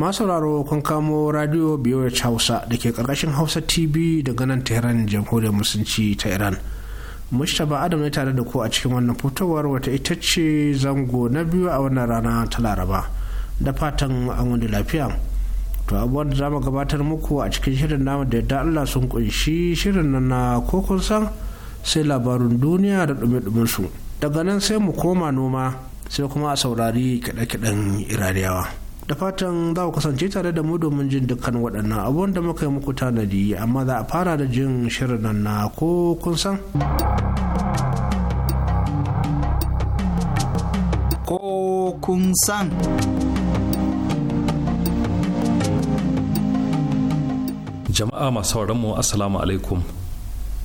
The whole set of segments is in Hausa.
masauraro kun kamo radio biyoyi hausa da ke karkashin hausa tv daga nan tehran jamhuriyar musulunci ta iran mustapha adam ne tare da ku a cikin wannan fitowar wata ita ce zango na biyu a wannan rana ta laraba da fatan an wani lafiya to abubuwan da zamu gabatar muku a cikin shirin namu da yadda allah sun kunshi shirin nan na kokon san sai labarun duniya da dumi su daga nan sai mu koma noma sai kuma a saurari kiɗe-kiɗen iraniyawa da fatan za ku kasance tare da mu domin jin dukkan waɗannan abubuwan da muka yi muku tanadi amma za a fara da jin shirin nan na ko kun san ko kun san jama'a masu mu assalamu alaikum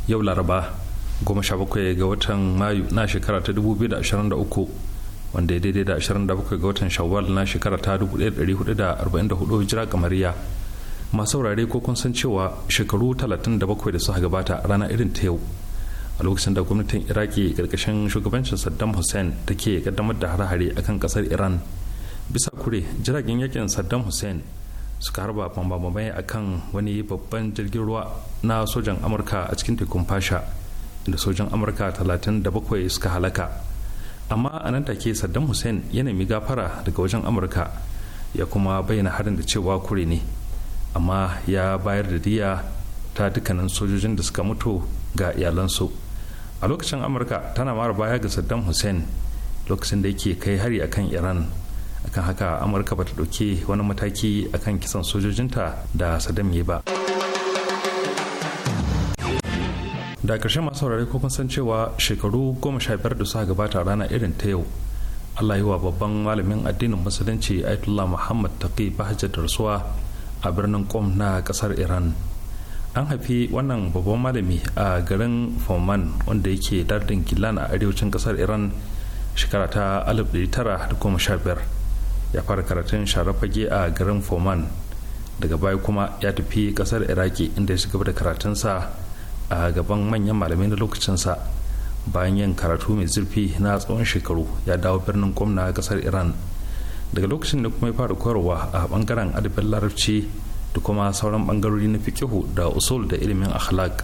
yau laraba 17 ga watan mayu na shekara ta 2023 wanda ya daidai da 27 ga watan shawwal na shekara ta 1444 hijira kamariya masu saurare ko kun san cewa shekaru 37 da suka gabata rana irin ta yau a lokacin da gwamnatin iraki karkashin shugabancin saddam hussein da ke kaddamar da hare-hare kan kasar iran bisa kure jiragen yakin saddam hussein suka harba bambamai kan wani babban jirgin ruwa na sojan amurka a cikin tekun fasha inda sojan amurka 37 suka halaka amma a nan take saddam hussein ya nemi gafara daga wajen amurka ya kuma bayyana harin da cewa kure ne amma ya bayar da diya ta dukkanin sojojin da suka mutu ga iyalansu a lokacin amurka tana mara baya ga saddam hussein lokacin da yake kai hari akan iran akan haka amurka ba ta ɗauki wani mataki akan kisan sojojinta da saddam ya ba. da ƙarshe masu saurare ko kun san cewa shekaru goma sha biyar da suka gabata rana irin ta yau allah yi wa babban malamin addinin musulunci ayatollah muhammad taqi da rasuwa a birnin qom na ƙasar iran an haifi wannan babban malami a garin foman wanda yake dardin gilan a arewacin ƙasar iran shekara ta da goma sha biyar. ya fara karatun sharafage a garin foman daga baya kuma ya tafi ƙasar iraki inda ya shiga da karatunsa a gaban manyan malamai na lokacinsa bayan yin karatu mai zurfi na tsawon shekaru ya dawo birnin gwamna kasar iran daga lokacin da kuma ya fara koyarwa a bangaren adabin larabci da kuma sauran bangarori na fikihu da usul da ilimin akhlaq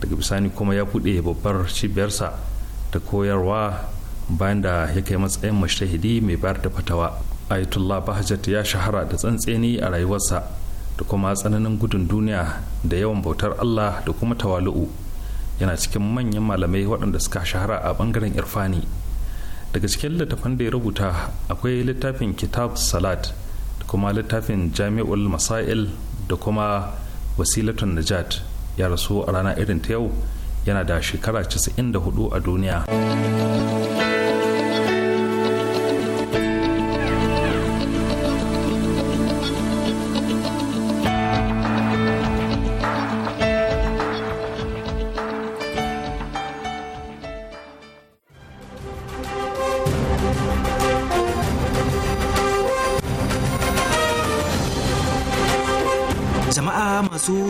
daga bisani kuma ya buɗe babbar cibiyarsa da koyarwa bayan da ya kai matsayin mashtahidi mai bayar da fatawa ayatollah bahajat ya shahara da tsantseni a rayuwarsa da kuma tsananin gudun duniya da yawan bautar allah da kuma tawalu'u yana cikin manyan malamai waɗanda suka shahara a ɓangaren irfani daga cikin littattafan da ya rubuta akwai littafin kitab salat da kuma littafin jami'ul masail da kuma wasilatun najat ya rasu a rana irin ta yau yana da shekara 94 a duniya.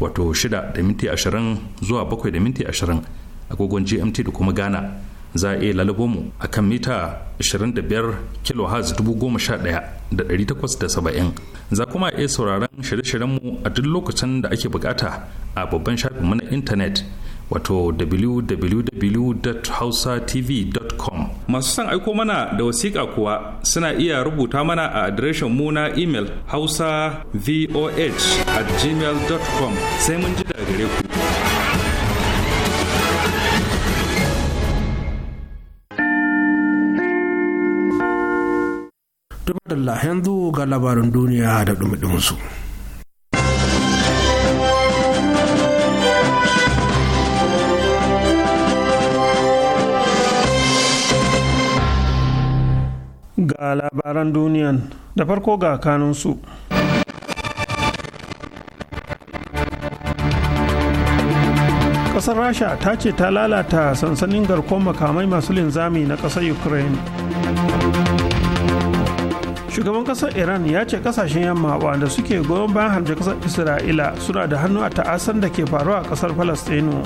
wato 6 da minti zuwa 7 da minti ashirin agogon gmt da kuma ghana za a iya lalabo mu a kan mita 25 kHz 11870 za kuma iya sauraron shirye shiryen mu a duk lokacin da ake bukata a babban shafinmu na intanet wato www.hausatv.com masu son aiko mana da wasiƙa kuwa suna iya rubuta mana a adireshin mu na imel hausa voh at gmail.com sai mun ji gare ku da yanzu ga labarin duniya da dumi su. labaran duniyan da farko ga kanunsu. Ƙasar Rasha ta ce ta lalata sansanin garkon makamai masu linzami na ƙasar Ukraine. Shugaban ƙasar Iran ya ce ƙasashen yamma wanda suke goyon bayan harbe ƙasar Isra'ila suna da hannu a ta'asan da ke faruwa a ƙasar Falastinu.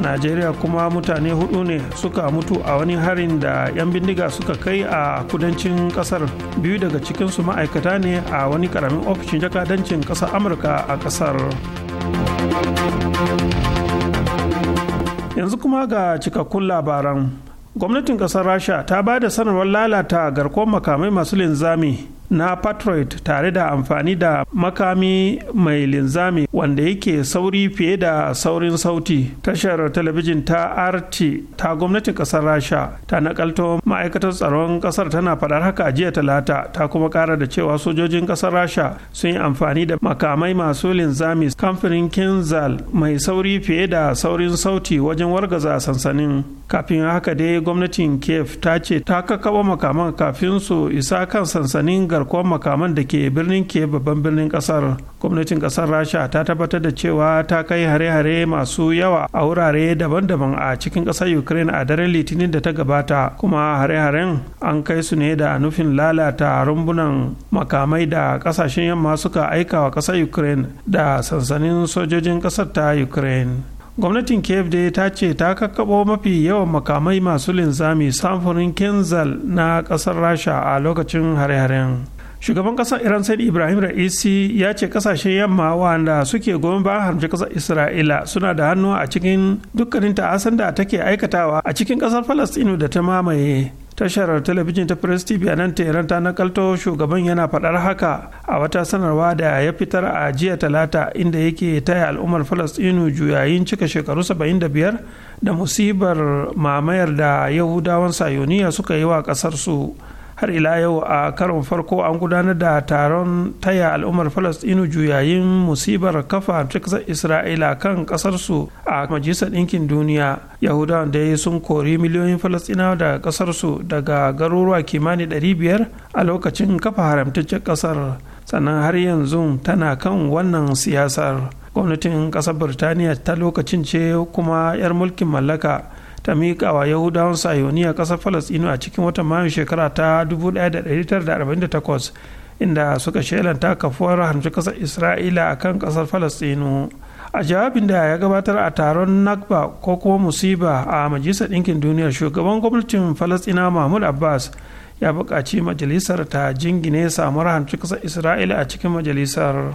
najeriya kuma mutane hudu ne suka mutu a wani harin da 'yan bindiga suka kai a kudancin kasar biyu daga cikinsu ma'aikata ne a wani karamin ofishin jakadancin kasar amurka a kasar yanzu kuma ga cikakkun labaran gwamnatin kasar rasha ta ba da sanarwar lalata garkuwar makamai masu linzami na patriot tare da amfani da makami mai linzami wanda yake sauri fiye da saurin sauti tashar talabijin ta rt ta gwamnatin kasar rasha ta nakalto ma'aikatar tsaron kasar tana faɗar haka a jiya talata ta kuma ƙara da cewa sojojin kasar rasha sun yi amfani da makamai masu linzami kamfanin kinzal mai sauri fiye da saurin sauti wajen wargaza sansanin kafin haka dai gwamnatin kiev ta ce ta kakaba makaman kafin su isa kan sansanin gar garkuwar makaman da ke birnin ke babban birnin kasar gwamnatin kasar rasha ta tabbatar da cewa ta kai hare-hare masu yawa a wurare daban-daban a cikin kasar ukraine a daren litinin da ta gabata kuma hare-haren an kai su ne da nufin lalata rumbunan makamai da kasashen yamma suka aika wa kasar ukraine da sansanin sojojin kasar ta ukraine gwamnatin cape dai ta ce ta kakkaɓo mafi yawan makamai masu linzami samfurin kenzal na ƙasar rasha a lokacin hare-haren shugaban ƙasar iran said ibrahim ra'isi ya ce ƙasashen yamma wanda suke goyon bayan harmci ƙasar isra'ila suna da hannu a cikin dukkanin ta'asan da take aikatawa a cikin ƙasar falastinu da ta mamaye tashar talabijin ta press tv a nan teran ta nakalto shugaban yana fadar haka a wata sanarwa da ya fitar a jiya talata inda yake taya al'ummar falastinu juyayin cika shekaru 75 da musibar mamayar da yahudawan sayoniya suka yi wa ƙasarsu su har ila yau a karon farko an gudanar da taron taya al'ummar falastinu juyayin musibar kafa kasar isra'ila kan kasarsu a majalisar ɗinkin duniya yahudawan da sun kori miliyoyin falastinawa da kasarsu daga garuruwa kimanin 500 a lokacin kafa haramtaccen kasar sannan har yanzu tana kan wannan siyasar gwamnatin kasar birtaniya ta lokacin ce kuma 'yar mulkin mallaka ta miƙa wa yahudawan a ƙasar falastinu a cikin watan mayun shekara ta 1948 inda suka shelanta kafuwar hamshin ƙasar isra'ila a kan ƙasar falastinu a jawabin da ya gabatar a taron nakba ko kuma musiba a majalisar ɗinkin duniya shugaban gwamnatin falastina mahmud abbas ya buƙaci majalisar ta jingine samuwar hamshin ƙasar isra'ila a cikin majalisar.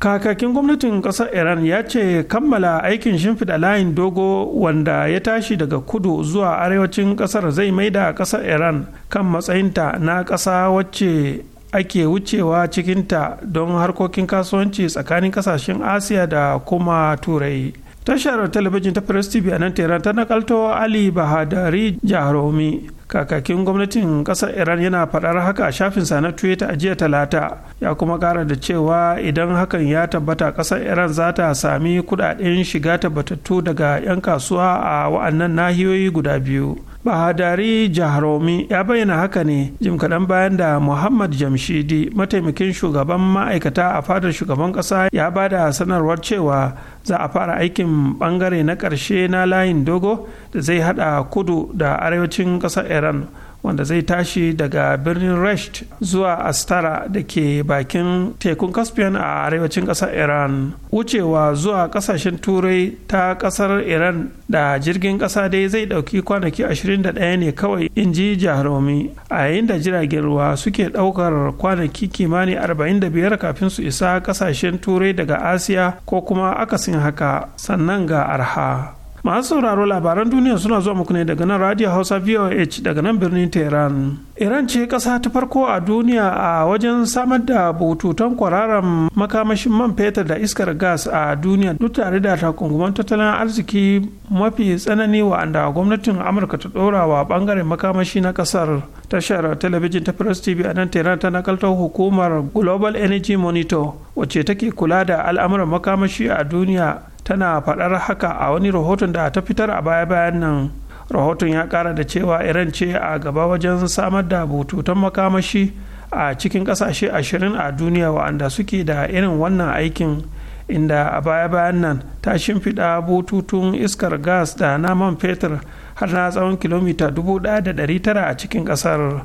kakakin gwamnatin kasar iran ya ce kammala aikin shimfida layin dogo wanda ya tashi daga kudu zuwa arewacin kasar zai maida kasar iran kan matsayinta na ƙasa wacce ake wucewa cikinta don harkokin kasuwanci tsakanin kasashen asiya da kuma turai tashar talabijin ta press tv a nan tana ta nakalto ali bahadari jarumi. kakakin gwamnatin kasar iran yana faɗar haka a shafinsa na twitter a jiya talata ya kuma ƙara da cewa idan hakan ya tabbata kasar iran za ta sami kudaden shiga tabbatattu daga 'yan kasuwa a wa'annan nahiyoyi guda biyu bahadari jahromi ya bayyana haka ne jim kaɗan bayan da muhammad jamshidi mataimakin shugaban ma'aikata a fadar shugaban ƙasa ya ba da sanarwar cewa za a fara aikin ɓangare na ƙarshe na layin dogo da zai haɗa kudu da arewacin ƙasar iran wanda zai tashi daga birnin Resht zuwa Astara da ke bakin tekun Caspian a arewacin kasar Iran. Wucewa zuwa kasashen Turai ta kasar Iran da jirgin kasa dai zai ɗauki kwanaki 21 ne kawai in ji Jahromi a yayin da jiragen ruwa suke ɗaukar kwanaki kimanin 45 kafin su isa kasashen Turai daga Asiya ko kuma akasin haka sannan ga arha. masu sauraro labaran duniya suna zuwa muku ne daga nan radio hausa voh daga nan birnin tehran iran ce kasa ta farko a duniya a wajen samar da bututun kwararan makamashin man fetur da iskar gas a duniya duk tare da takunguman tattalin arziki mafi tsanani wa'anda gwamnatin amurka ta dora wa bangaren makamashi na kasar tashar talabijin ta press tv a nan tehran ta nakalta hukumar global energy monitor wacce take kula da al'amuran makamashi a duniya tana faɗar haka a wani rahoton da ta fitar a baya-bayan nan rahoton ya ƙara da cewa iran ce a gaba wajen samar da bututun makamashi a cikin ƙasashe ashirin a duniya wa'anda suke da irin wannan aikin inda a baya-bayan nan ta shimfiɗa bututun iskar gas da naman fetur har na tsawon kilomita 1,900 a cikin ƙasar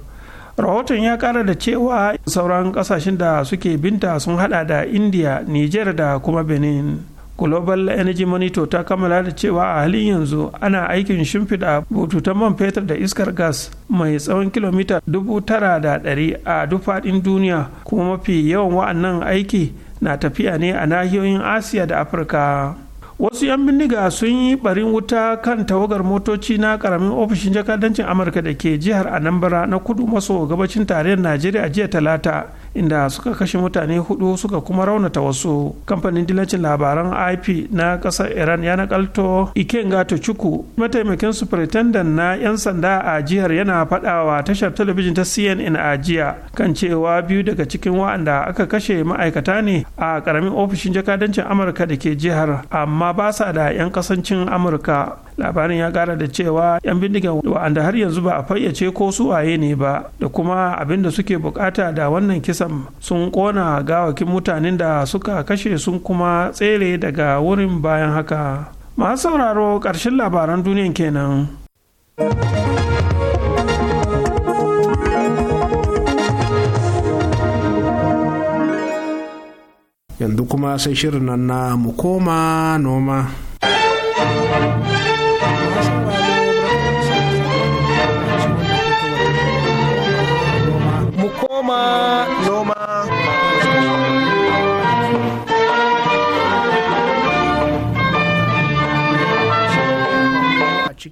rahoton ya ƙara da cewa sauran ƙasashen da suke binta sun hada da indiya niger da kuma benin global energy monitor ta kammala da cewa a halin yanzu ana aikin shimfiɗa bututun man fetur da iskar gas mai tsawon kilomita 9,100 a duk faɗin duniya kuma mafi yawan wa'annan aiki na tafiya ne a nahiyoyin asiya da afirka wasu 'yan bindiga sun yi barin wuta kan tawagar motoci na karamin ofishin jakadancin amurka da ke jihar anambra na kudu maso gabacin tarayyar najeriya jiya talata inda suka kashe mutane hudu suka kuma raunata wasu kamfanin dilancin labaran ip na kasar iran ya nakalto iken gato cuku mataimakin superintendent na 'yan sanda a jihar yana fadawa tashar talabijin ta cnn a jiya kan cewa biyu daga cikin wa'anda aka kashe ma'aikata ne a karamin ofishin jakadancin amurka da ke jihar amma ba sa da 'yan kasancin amurka labarin ya kara da cewa 'yan bindigan wa'anda har yanzu ba a fayyace ko su waye ne ba da kuma abin da suke bukata da wannan kisa qassam sun kona gawakin mutanen da suka kashe sun kuma tsere daga wurin bayan haka masu sauraro ƙarshen labaran duniyan kenan. yanzu kuma sai shirin nan na mu koma noma.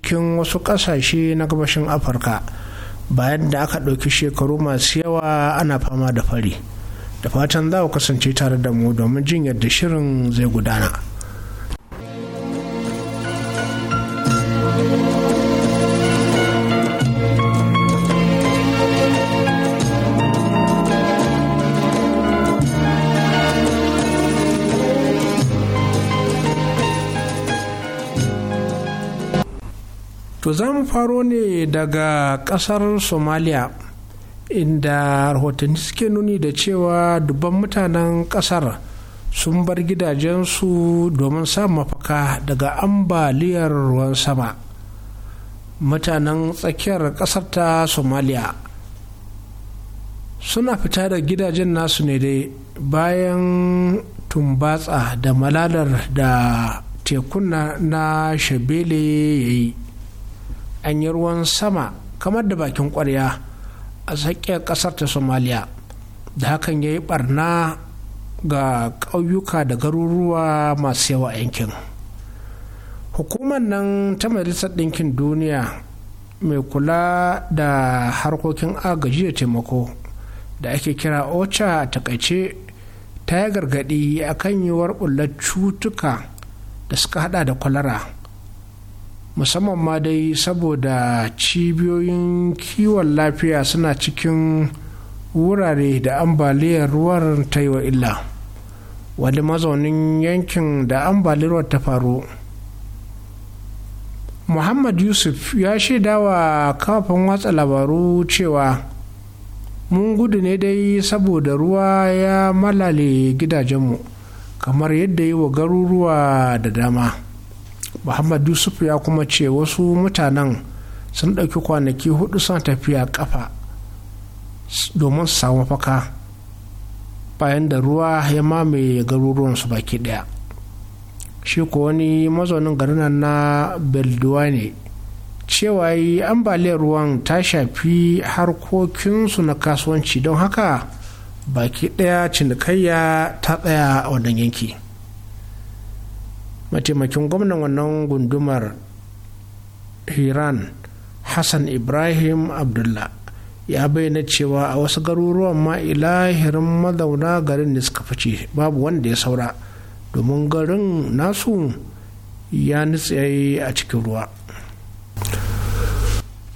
cikin wasu ƙasashe na gabashin afirka bayan da aka ɗauki shekaru masu yawa ana fama da fari da fatan za ku kasance tare da mu domin jin yadda shirin zai gudana. to za mu faro ne daga kasar somalia inda rahotanni suke nuni da cewa dubban mutanen kasar sun bar gidajensu domin samun mafaka daga ambaliyar ruwan sama mutanen tsakiyar kasar ta somalia suna fita da gidajen nasu ne dai bayan tumbatsa da malalar da tekuna na shabele ya yi an yi ruwan sama kamar da bakin kwarya a tsakiyar kasar ta somaliya da hakan ya yi barna ga ƙauyuka da garuruwa masu yawa yankin hukumar nan ta majalisar ɗinkin duniya mai kula da harkokin agaji da taimako da ake kira ocha a takaice ta yi gargaɗi akan yiwuwar ɓullar cutuka da suka hada da kwalara musamman ma dai saboda cibiyoyin kiwon lafiya suna cikin wurare da ambaliyar ruwar ta yi wa illa wani mazaunin yankin da ambaliyar ta faru muhammad yusuf ya shaida wa kafin watsa labaru cewa mun gudu ne dai saboda ruwa ya malale gidajenmu kamar yadda yi wa garuruwa da dama muhammad yusuf ya kuma ce wasu mutanen sun ɗauki kwanaki hudu sun tafiya kafa domin su samu faka bayan da ruwa ya mamaye garuruwansu baki ɗaya shi ko wani mazaunin garin na belduwa ne cewa yi ambaliyar ruwan ta shafi harkokinsu na kasuwanci don haka baki ɗaya cinikayya ta tsaya a wannan yanki mataimakin gwamnan wannan gundumar hiran hassan ibrahim abdullah ya bayyana cewa a wasu garuruwan ma ilahirin mazauna garin ne suka fice babu wanda ya saura domin garin nasu ya nutse a cikin ruwa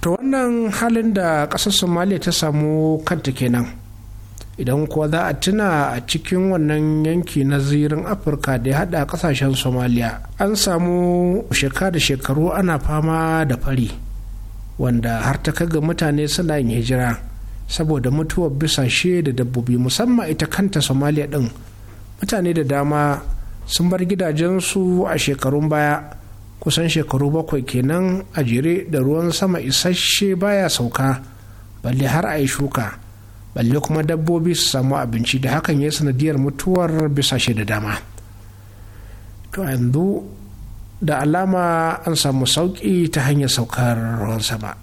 ta wannan halin da ƙasar somaliya ta samu kanta kenan idan kuwa za a tuna a cikin wannan yanki na zirin afirka da ya hada kasashen somaliya an samu shekara shekaru ana fama da fari wanda har ta kaga mutane suna yin hijira saboda mutuwar she da dabbobi musamman ita kanta somaliya din mutane da dama sun bar gidajensu a shekarun baya kusan shekaru bakwai kenan a jere da ruwan sama isasshe baya sauka balle har a yi shuka balle kuma dabbobi su samu abinci da hakan ya sanadiyar mutuwar bisa shi da dama to yanzu da alama an samu sauƙi ta hanyar saukar ruwan sama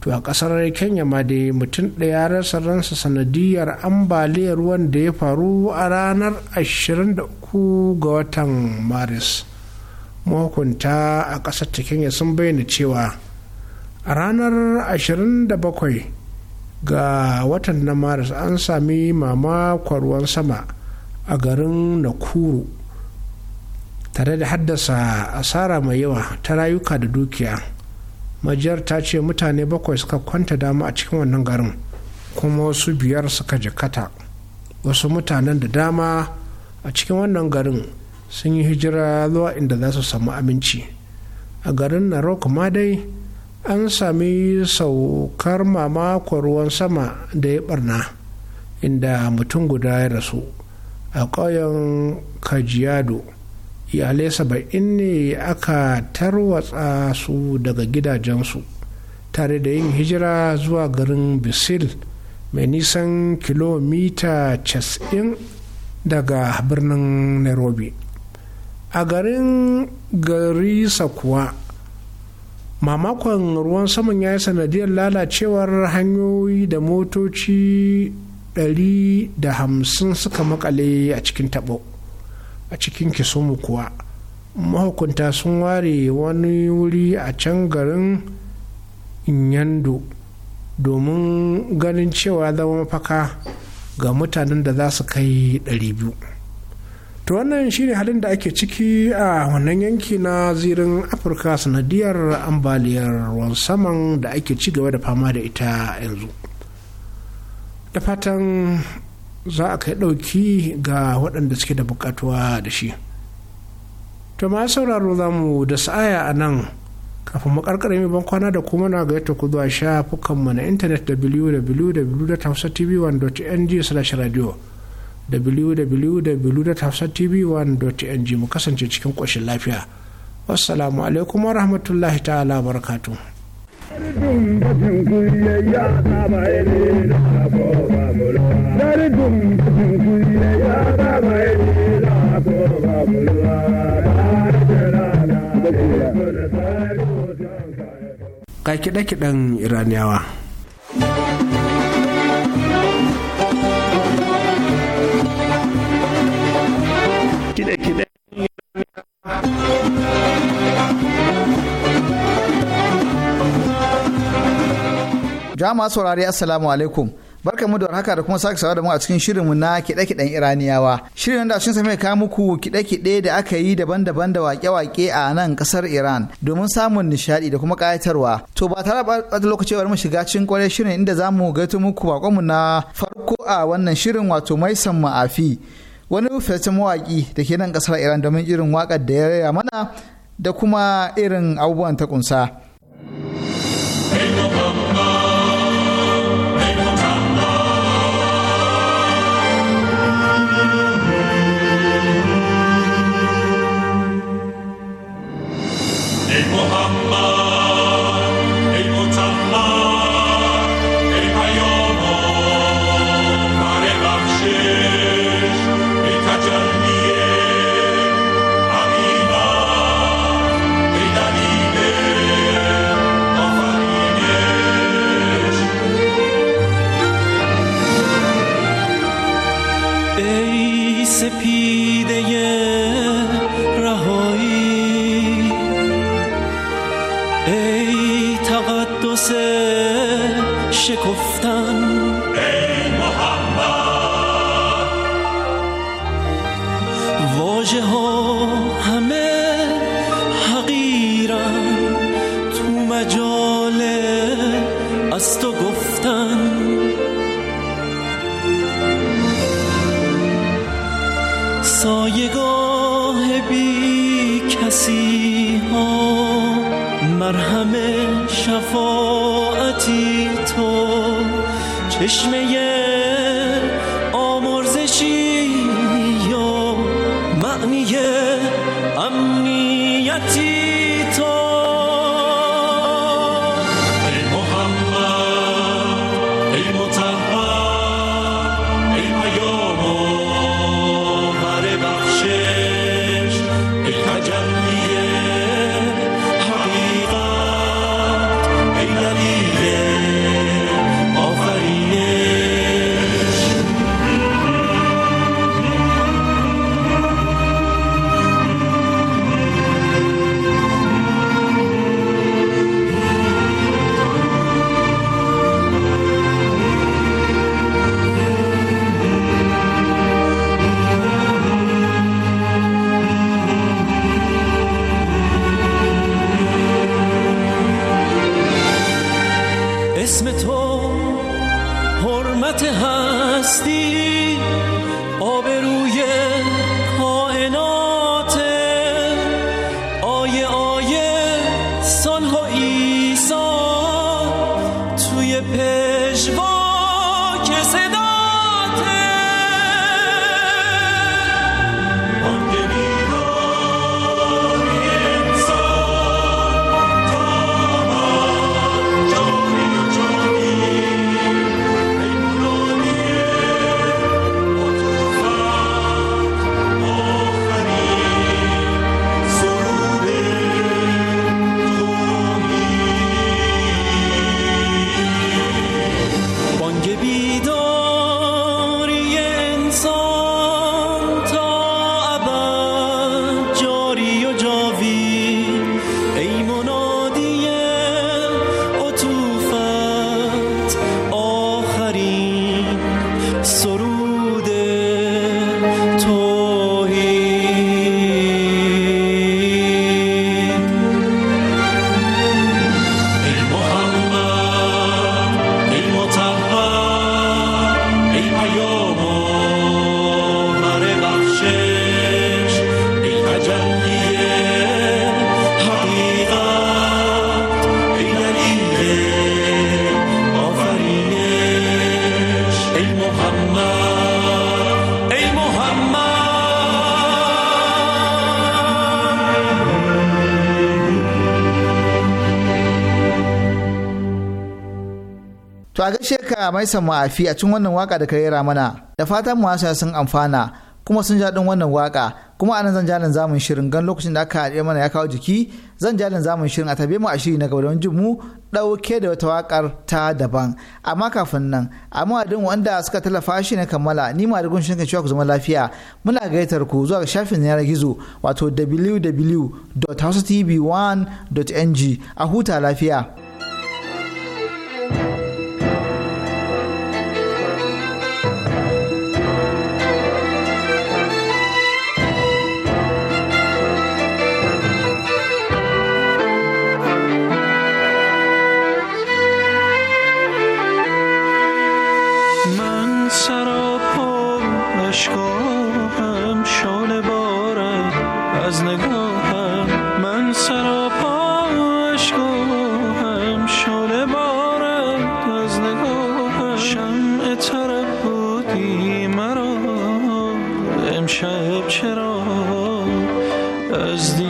to a ƙasar kenya ma da mutum ɗaya rasa ransa sanadiyar ambaliyar ruwan da ya faru a ranar 23 ga watan maris mahukunta a ƙasar ta kenya sun bayyana cewa a ranar 27 ga watan na maris an sami mamakon ruwan sama a garin nakuru tare da haddasa asara mai yawa ta rayuka da dukiya majiyar ta ce mutane bakwai suka kwanta dama a cikin wannan garin kuma wasu biyar suka jikata wasu mutanen da dama a cikin wannan garin sun yi hijira zuwa inda za su samu aminci a garin narok ma dai an sami saukar mamakon ruwan sama da ya barna inda mutum guda ya rasu a ƙauyen kajiyado iyalai saba'in ne aka tarwatsa su daga gidajensu tare da yin hijira zuwa garin bisil mai nisan kilomita 90 daga birnin nairobi a garin garisa kuwa mamakon ruwan saman ya yi sanadiyar lalacewar hanyoyi da motoci 150 suka makale a cikin tabo a cikin kisumu kuwa mahukunta sun ware wani wuri a can garin inyando domin ganin cewa zama mafaka ga mutanen da za su kai 200 to wannan shine halin da ake ciki a wannan yanki na zirin afirka sanadiyar ambaliyar ruwan saman da ake ci gaba da fama da ita yanzu da fatan za a kai ɗauki ga waɗanda suke da bukatuwa da shi to ma sauraro za mu da sa'aya a nan kafin mu karkar mai ban kwana da kuma na gayyata ku zuwa shafukanmu na intanet www.hausatv1.ng/radio dot 1ng mu kasance cikin ƙoshin lafiya wassalamu alaikum wa rahmatullahi ta'ala barakatu Ka kiɗe-kiɗen Iraniyawa. Jama'a saurari Assalamu alaikum. mu da warhaka da kuma sake sawa da mu a cikin shirinmu na kiɗe-kiɗen Iraniyawa. Shirin da sun same ka muku kiɗe-kiɗe da aka yi daban-daban da wake waƙe a nan ƙasar Iran domin samun nishaɗi da kuma ƙayatarwa. To ba tare da lokaci bari mu shiga cikin ƙware shirin inda za mu gaito muku mu na farko a wannan shirin wato Maisan Ma'afi. Wani fitaccen mawaƙi da ke nan ƙasar Iran domin irin waƙar da ya mana da kuma irin abubuwan ta ƙunsa. اسم تو حرمت هستی آبروی کائنات a gaishe ka mai ma'afi a cikin wannan waka da ka rera mana da fatan mawasa sun amfana kuma sun jaɗin wannan waka kuma anan zan jalin zamun shirin gan lokacin da aka haɗe mana ya kawo jiki zan jalin zamun shirin a tabe mu a shiri na gaba don jin mu ɗauke da wata wakar ta daban amma kafin nan amma adin wanda suka tallafa shi na kammala ni ma da gunshin cewa ku zama lafiya muna gaitar ku zuwa shafin yanar gizo wato www.housetv1.ng a huta lafiya. امشب چرا از دی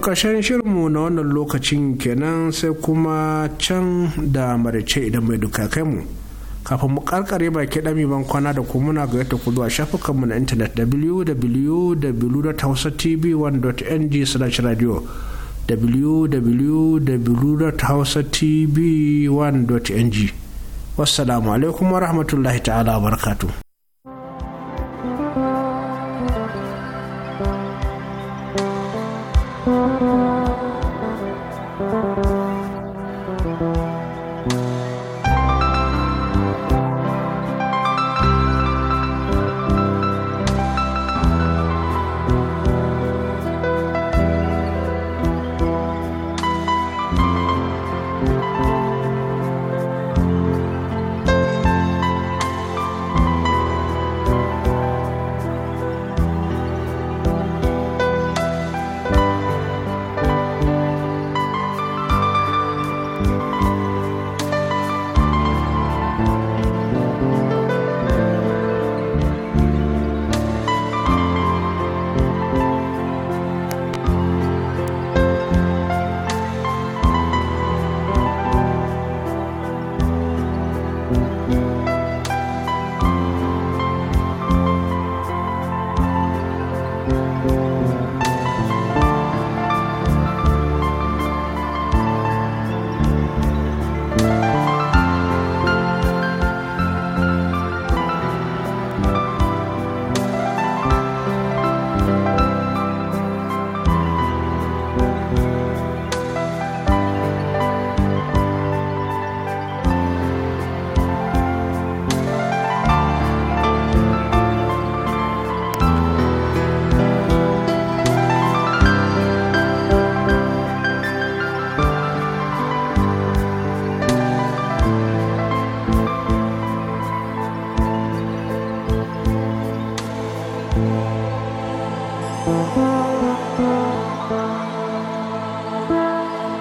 karshen shirinmu na wannan lokacin kenan sai kuma can da marice idan mai dukakai mu kafin mu karkare baki dami ban kwana da kuma muna gayyata ku zuwa shafukanmu na intanet www.hausatv1.ng/radio www.hausatv1.ng wassalamu alaikum wa rahmatullahi ta'ala wa barakatuh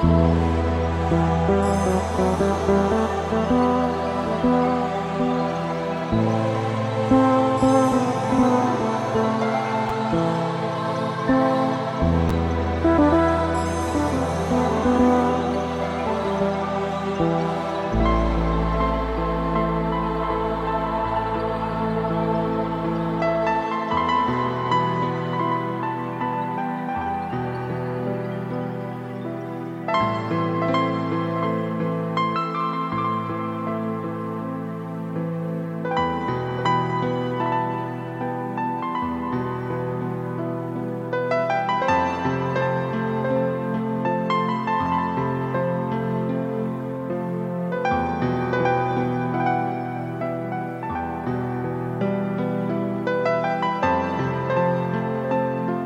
Thank